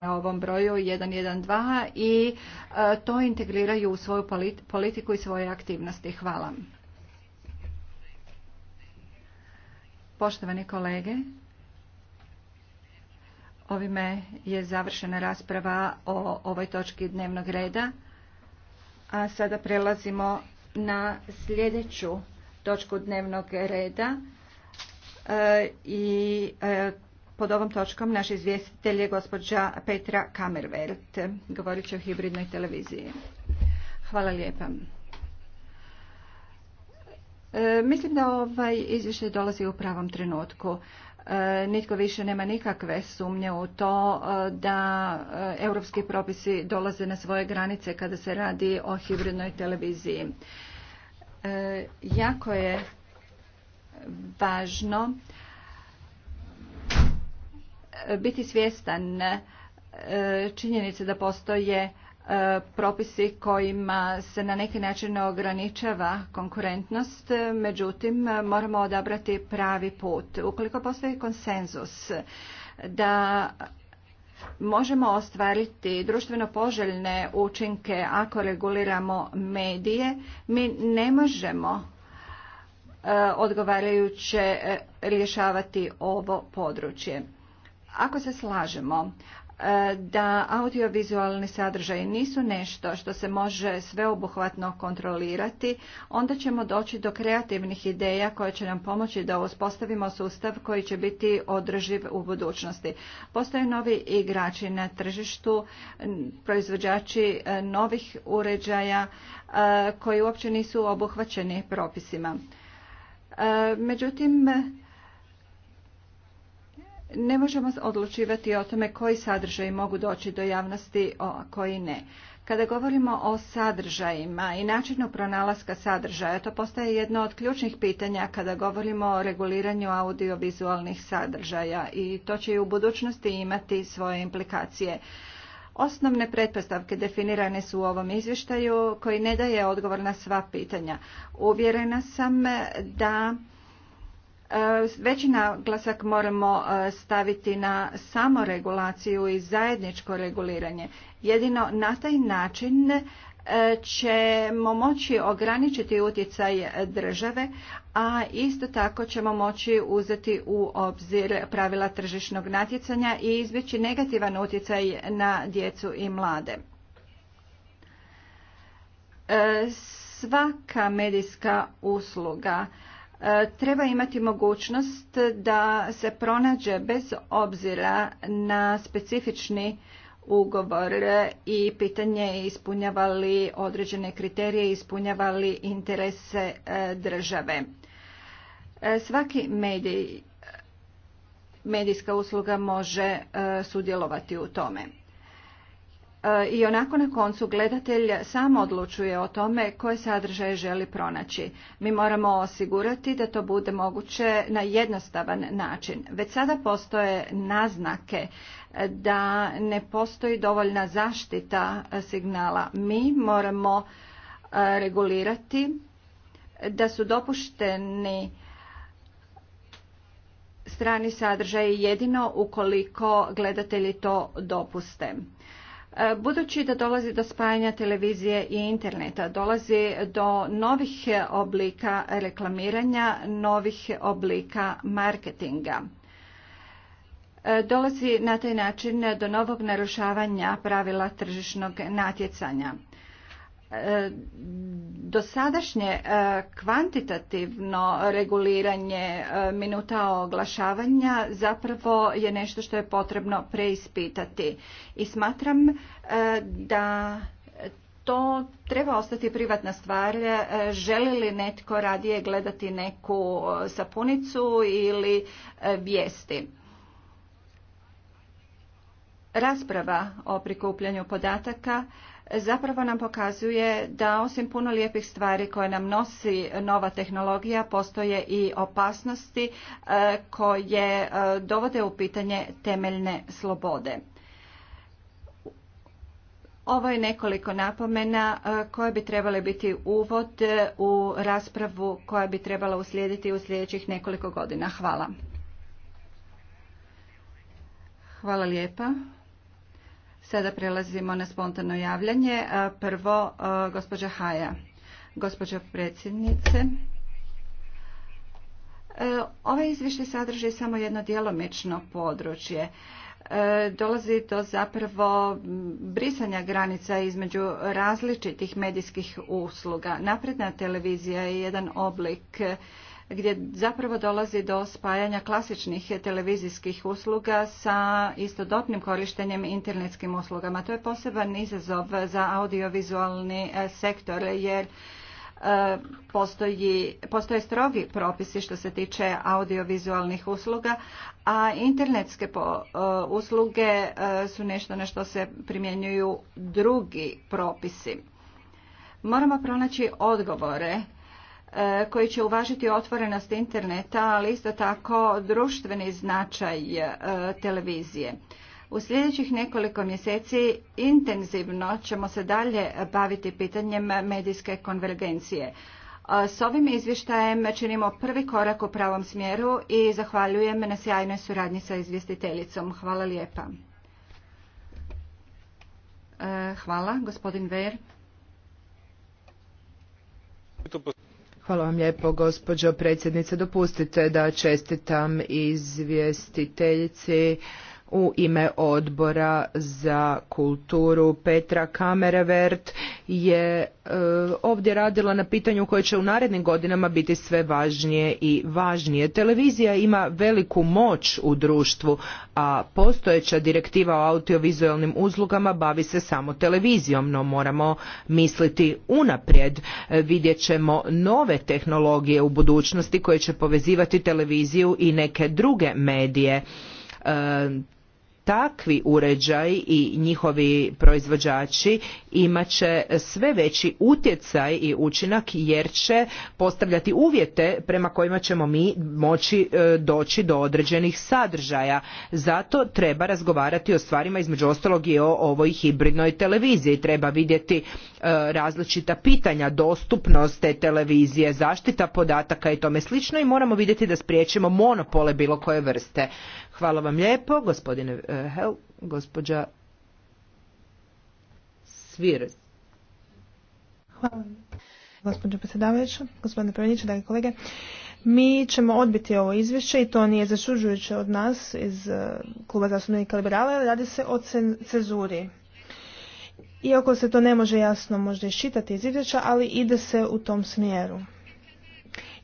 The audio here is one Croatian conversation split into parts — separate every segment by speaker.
Speaker 1: na ovom broju 112 i e, to integriraju u svoju politiku i svoje aktivnosti. Hvala. Poštovani kolege, ovime je završena rasprava o ovoj točki dnevnog reda. A sada prelazimo na sljedeću točku dnevnog reda e, i e, pod ovom točkom naš izvjestitelj je gospođa Petra Kamervert. Govorit će o hibridnoj televiziji. Hvala lijepa. E, mislim da ovaj izvještaj dolazi u pravom trenutku. E, nitko više nema nikakve sumnje u to e, da europski propisi dolaze na svoje granice kada se radi o hibridnoj televiziji. jako je važno biti svjestan e, činjenice da postoje e, propisi kojima se na neki način ograničava konkurentnost, međutim moramo odabrati pravi put. Ukoliko postoji konsenzus da možemo ostvariti društveno poželjne učinke ako reguliramo medije, mi ne možemo e, odgovarajuće rješavati ovo područje. Ako se slažemo e, da audiovizualni sadržaj nisu nešto što se može sveobuhvatno kontrolirati, onda ćemo doći do kreativnih ideja koje će nam pomoći da uspostavimo sustav koji će biti održiv u budućnosti. Postoje novi igrači na tržištu, proizvođači e, novih uređaja e, koji uopće nisu obuhvaćeni propisima. Međutim, ne možemo odlučivati o tome koji sadržaji mogu doći do javnosti, a koji ne. Kada govorimo o sadržajima i načinu pronalaska sadržaja, to postaje jedno od ključnih pitanja kada govorimo o reguliranju audiovizualnih sadržaja i to će i u budućnosti imati svoje implikacije. Osnovne pretpostavke definirane su u ovom izvještaju koji ne daje odgovor na sva pitanja. Uvjerena sam da E, veći naglasak moramo e, staviti na samoregulaciju i zajedničko reguliranje. Jedino na taj način e, ćemo moći ograničiti utjecaj države, a isto tako ćemo moći uzeti u obzir pravila tržišnog natjecanja i izbjeći negativan utjecaj na djecu i mlade. Svaka medijska usluga E, treba imati mogućnost da se pronađe bez obzira na specifični ugovor i pitanje ispunjavali određene kriterije, ispunjavali interese e, države. E, svaki medij, medijska usluga može sudjelovati u tome. E, i onako na koncu gledatelj sam odlučuje o tome koje sadržaje želi pronaći. Mi moramo osigurati da to bude moguće na jednostavan način. Već sada postoje naznake da ne postoji dovoljna zaštita signala. Mi moramo e, regulirati da su dopušteni strani sadržaje jedino ukoliko gledatelji to dopuste. E, budući da dolazi do spajanja televizije i interneta, dolazi do novih oblika reklamiranja, novih oblika marketinga. E, dolazi na taj način do novog narušavanja pravila tržišnog natjecanja. E, dosadašnje e, kvantitativno reguliranje e, minuta oglašavanja zapravo je nešto što je potrebno preispitati i smatram da to treba ostati privatna stvar. Želi li netko radije gledati neku sapunicu ili vijesti? Rasprava o prikupljanju podataka zapravo nam pokazuje da osim puno lijepih stvari koje nam nosi nova tehnologija postoje i opasnosti e, koje e, dovode u pitanje temeljne slobode. Ovo je nekoliko napomena e, koje bi trebale biti uvod u raspravu koja bi trebala uslijediti u sljedećih nekoliko godina. Hvala. Hvala lijepa. Sada prelazimo na spontano javljanje. E, prvo, e, gospođa Haja. Gospođa predsjednice, e, ovaj izvještaj sadrži samo jedno djelomično područje dolazi do zapravo brisanja granica između različitih medijskih usluga. Napredna televizija je jedan oblik gdje zapravo dolazi do spajanja klasičnih televizijskih usluga sa istodobnim korištenjem internetskim uslugama. To je poseban izazov za audiovizualni e, sektor jer e, postoje strogi propisi što se tiče audiovizualnih usluga, a internetske e, usluge su nešto na što se primjenjuju drugi propisi. Moramo pronaći odgovore E, koji će uvažiti otvorenost interneta, ali isto tako društveni značaj e, televizije. U sljedećih nekoliko mjeseci intenzivno ćemo se dalje baviti pitanjem medijske konvergencije. E, s ovim izvještajem činimo prvi korak u pravom smjeru i zahvaljujem na sjajnoj suradnji sa izvjestiteljicom. Hvala lijepa. Hvala, gospodin Ver.
Speaker 2: Hvala vam lijepo, gospođo predsjednice. Dopustite da čestitam izvjestiteljici u ime odbora za kulturu Petra Kamerevert je e, ovdje radila na pitanju koje će u narednim godinama biti sve važnije i važnije. Televizija ima veliku moć u društvu, a postojeća direktiva o audiovizualnim uslugama bavi se samo televizijom, no moramo misliti unaprijed. E, vidjet ćemo nove tehnologije u budućnosti koje će povezivati televiziju i neke druge medije. E, takvi uređaji i njihovi proizvođači imat će sve veći utjecaj i učinak jer će postavljati uvjete prema kojima ćemo mi moći e, doći do određenih sadržaja. Zato treba razgovarati o stvarima između ostalog i o ovoj hibridnoj televiziji. Treba vidjeti e, različita pitanja, dostupnost te televizije, zaštita podataka i tome slično i moramo vidjeti da spriječimo monopole bilo koje vrste. Hvala vam lijepo, gospodine e, Hel, gospođa
Speaker 3: Svir. Hvala gospođo predsjedavajuća, gospodine Prveniće, dragi kolege. Mi ćemo odbiti ovo izvješće i to nije začuđujuće od nas iz e, Kluba zastupnika liberala, radi se o cenzuri. Iako se to ne može jasno možda iščitati iz izvješća, ali ide se u tom smjeru.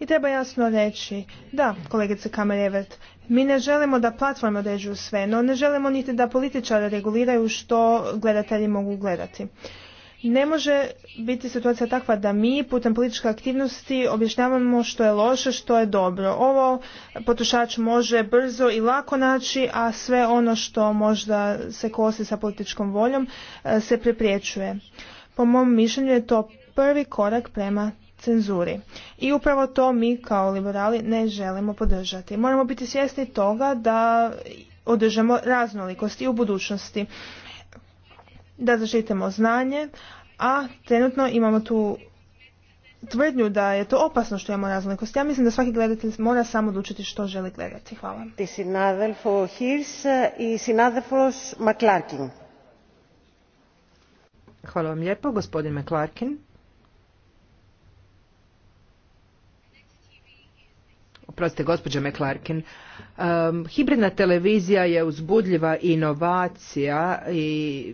Speaker 3: I treba jasno reći, da, kolegice Kamerevert, mi ne želimo da platforme određuju sve, no ne želimo niti da političari reguliraju što gledatelji mogu gledati. Ne može biti situacija takva da mi putem političke aktivnosti objašnjavamo što je loše, što je dobro. Ovo potrošač može brzo i lako naći, a sve ono što možda se kosi sa političkom voljom e, se prepriječuje. Po mom mišljenju je to prvi korak prema cenzuri. I upravo to mi kao liberali ne želimo podržati. Moramo biti svjesni toga da održamo raznolikost i u budućnosti. Da zaštitimo znanje, a trenutno imamo tu tvrdnju da je to opasno što imamo raznolikost. Ja mislim da svaki gledatelj mora sam odlučiti što želi gledati. Hvala. Eh, i
Speaker 2: Hvala vam lijepo, gospodin McClarkin. Prostite, gospođa Meklarkin. um, hibridna televizija je uzbudljiva inovacija i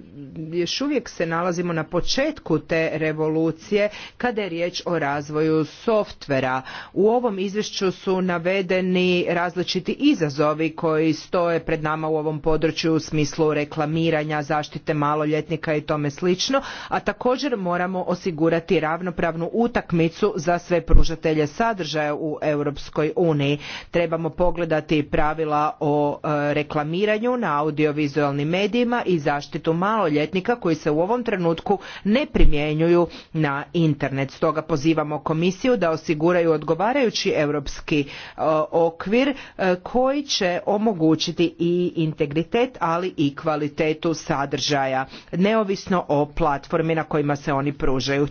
Speaker 2: još uvijek se nalazimo na početku te revolucije kada je riječ o razvoju softvera. U ovom izvješću su navedeni različiti izazovi koji stoje pred nama u ovom području u smislu reklamiranja, zaštite maloljetnika i tome slično, a također moramo osigurati ravnopravnu utakmicu za sve pružatelje sadržaja u Europskoj uniji. Trebamo pogledati pravila o e, reklamiranju na audiovizualnim medijima i zaštitu maloljetnika koji se u ovom trenutku ne primjenjuju na internet. Stoga pozivamo komisiju da osiguraju odgovarajući europski e, okvir e, koji će omogućiti i integritet ali i kvalitetu sadržaja neovisno o platformi na kojima se oni pružaju.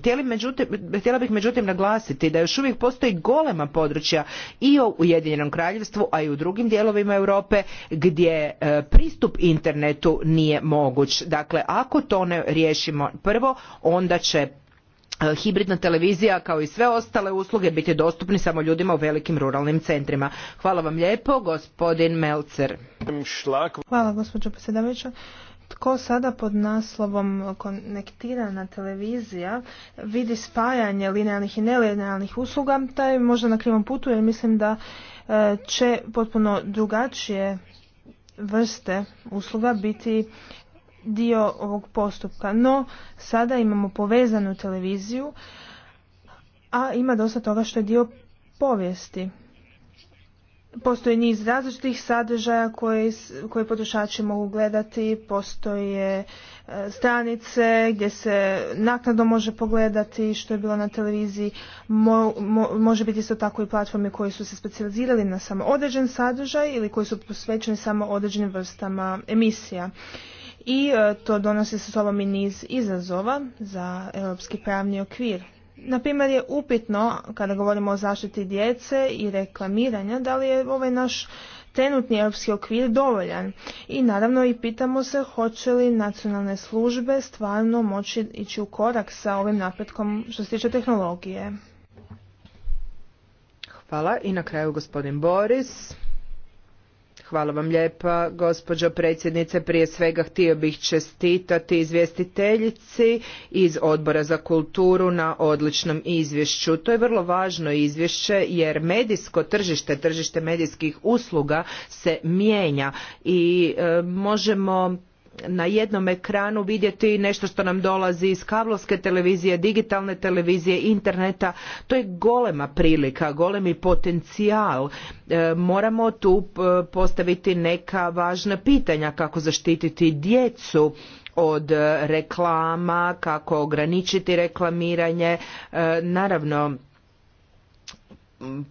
Speaker 2: Htjela bih međutim naglasiti da još uvijek postoji golema područja i u Ujedinjenom kraljevstvu, a i u drugim dijelovima Europe gdje e, pristup internetu nije moguć. Dakle, ako to ne riješimo prvo, onda će e, hibridna televizija kao i sve ostale usluge biti dostupni samo ljudima u velikim ruralnim centrima. Hvala vam lijepo, gospodin Melcer.
Speaker 3: Hvala, gospođo predsjedavajuća tko sada pod naslovom konektirana televizija vidi spajanje linearnih i nelinealnih usluga, taj možda na krivom putu jer mislim da e, će potpuno drugačije vrste usluga biti dio ovog postupka. No, sada imamo povezanu televiziju, a ima dosta toga što je dio povijesti. Postoji niz različitih sadržaja koje, koje potrošači mogu gledati, postoje e, stranice gdje se naknadno može pogledati što je bilo na televiziji, može biti isto tako i platforme koje su se specijalizirali na samo određen sadržaj ili koji su posvećeni samo određenim vrstama emisija. I e, to donosi sa sobom i niz izazova za europski pravni okvir Naprimjer je upitno, kada govorimo o zaštiti djece i reklamiranja, da li je ovaj naš trenutni europski okvir dovoljan. I naravno i pitamo se hoće li nacionalne službe stvarno moći ići u korak sa ovim napretkom što se tiče tehnologije.
Speaker 2: Hvala i na kraju gospodin Boris. Hvala vam lijepa, gospođo predsjednice. Prije svega htio bih čestitati izvjestiteljici iz Odbora za kulturu na odličnom izvješću. To je vrlo važno izvješće jer medijsko tržište, tržište medijskih usluga se mijenja i e, možemo na jednom ekranu vidjeti nešto što nam dolazi iz kablovske televizije, digitalne televizije, interneta. To je golema prilika, golemi potencijal. E, moramo tu e, postaviti neka važna pitanja kako zaštititi djecu od e, reklama, kako ograničiti reklamiranje. Naravno,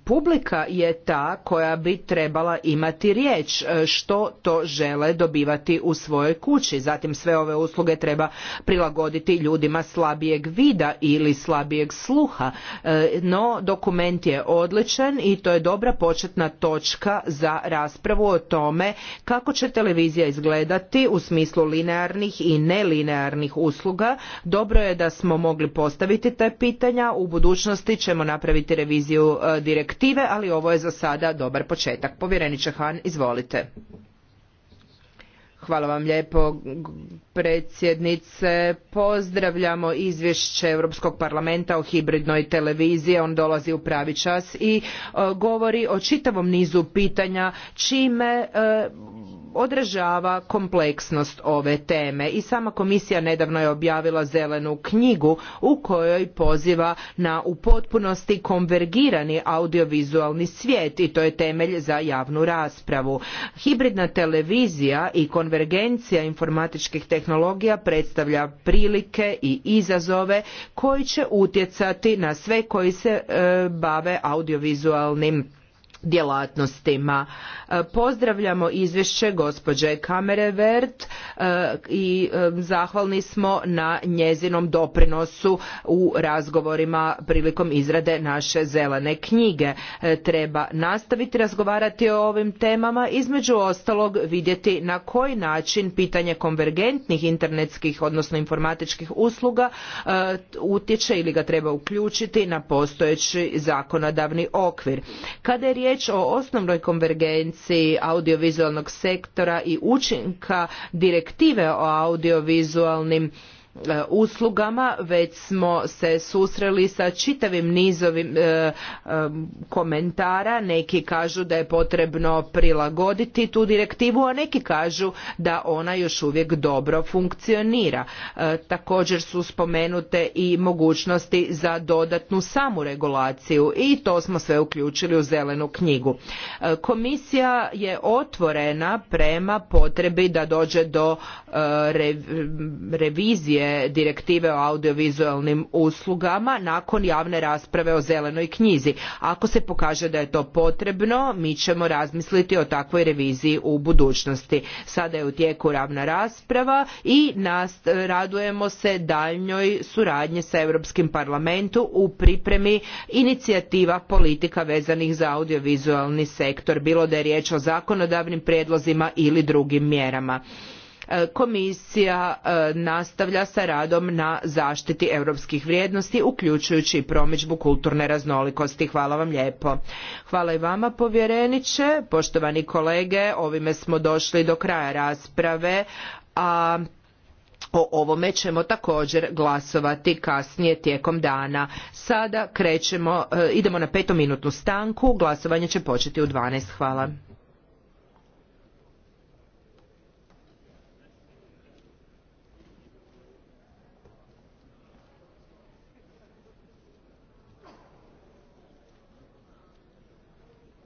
Speaker 2: publika je ta koja bi trebala imati riječ e, što to žele dobivati u svojoj kući. Zatim sve ove usluge treba prilagoditi ljudima slabijeg vida ili slabijeg sluha. E, no dokument je odličan i to je dobra početna točka za raspravu o tome kako će televizija izgledati u smislu linearnih i nelinearnih usluga. Dobro je da smo mogli postaviti te pitanja. U budućnosti ćemo napraviti reviziju e, direktive, ali ovo je za sada dobar početak. Povjereniče Han, izvolite. Hvala vam lijepo predsjednice. Pozdravljamo izvješće Europskog parlamenta o hibridnoj televiziji. On dolazi u pravi čas i e, govori o čitavom nizu pitanja čime e, odražava kompleksnost ove teme i sama komisija nedavno je objavila zelenu knjigu u kojoj poziva na u potpunosti konvergirani audiovizualni svijet i to je temelj za javnu raspravu. Hibridna televizija i konvergencija informatičkih tehnologija predstavlja prilike i izazove koji će utjecati na sve koji se e, bave audiovizualnim djelatnostima. E, pozdravljamo izvješće gospođe Kamere Vert e, i e, zahvalni smo na njezinom doprinosu u razgovorima prilikom izrade naše zelene knjige. Treba nastaviti razgovarati o ovim temama, između ostalog vidjeti na koji način pitanje konvergentnih internetskih, odnosno informatičkih usluga utječe ili ga treba uključiti na postojeći zakonodavni okvir. Kada je riječ o osnovnoj konvergenciji audiovizualnog sektora i učinka direktive o audiovizualnim E, uslugama već smo se susreli sa čitavim nizovim e, e, komentara neki kažu da je potrebno prilagoditi tu direktivu a neki kažu da ona još uvijek dobro funkcionira također su spomenute i mogućnosti za dodatnu samoregulaciju i to smo sve uključili u zelenu knjigu komisija je otvorena prema potrebi da dođe do revizije direktive o audiovizualnim uslugama nakon javne rasprave o zelenoj knjizi. Ako se pokaže da je to potrebno, mi ćemo razmisliti o takvoj reviziji u budućnosti. Sada je u tijeku ravna rasprava i radujemo se daljnjoj suradnji sa Europskim parlamentom u pripremi inicijativa politika vezanih za audiovizualni sektor, bilo da je riječ o zakonodavnim prijedlozima ili drugim mjerama. E, komisija e, nastavlja sa radom na zaštiti europskih vrijednosti, uključujući i kulturne raznolikosti. Hvala vam lijepo. Hvala i vama povjereniče. Poštovani kolege, ovime smo došli do kraja rasprave. A o ovome ćemo također glasovati kasnije tijekom dana. Sada krećemo, e, idemo na petominutnu stanku, glasovanje će početi u 12. Hvala.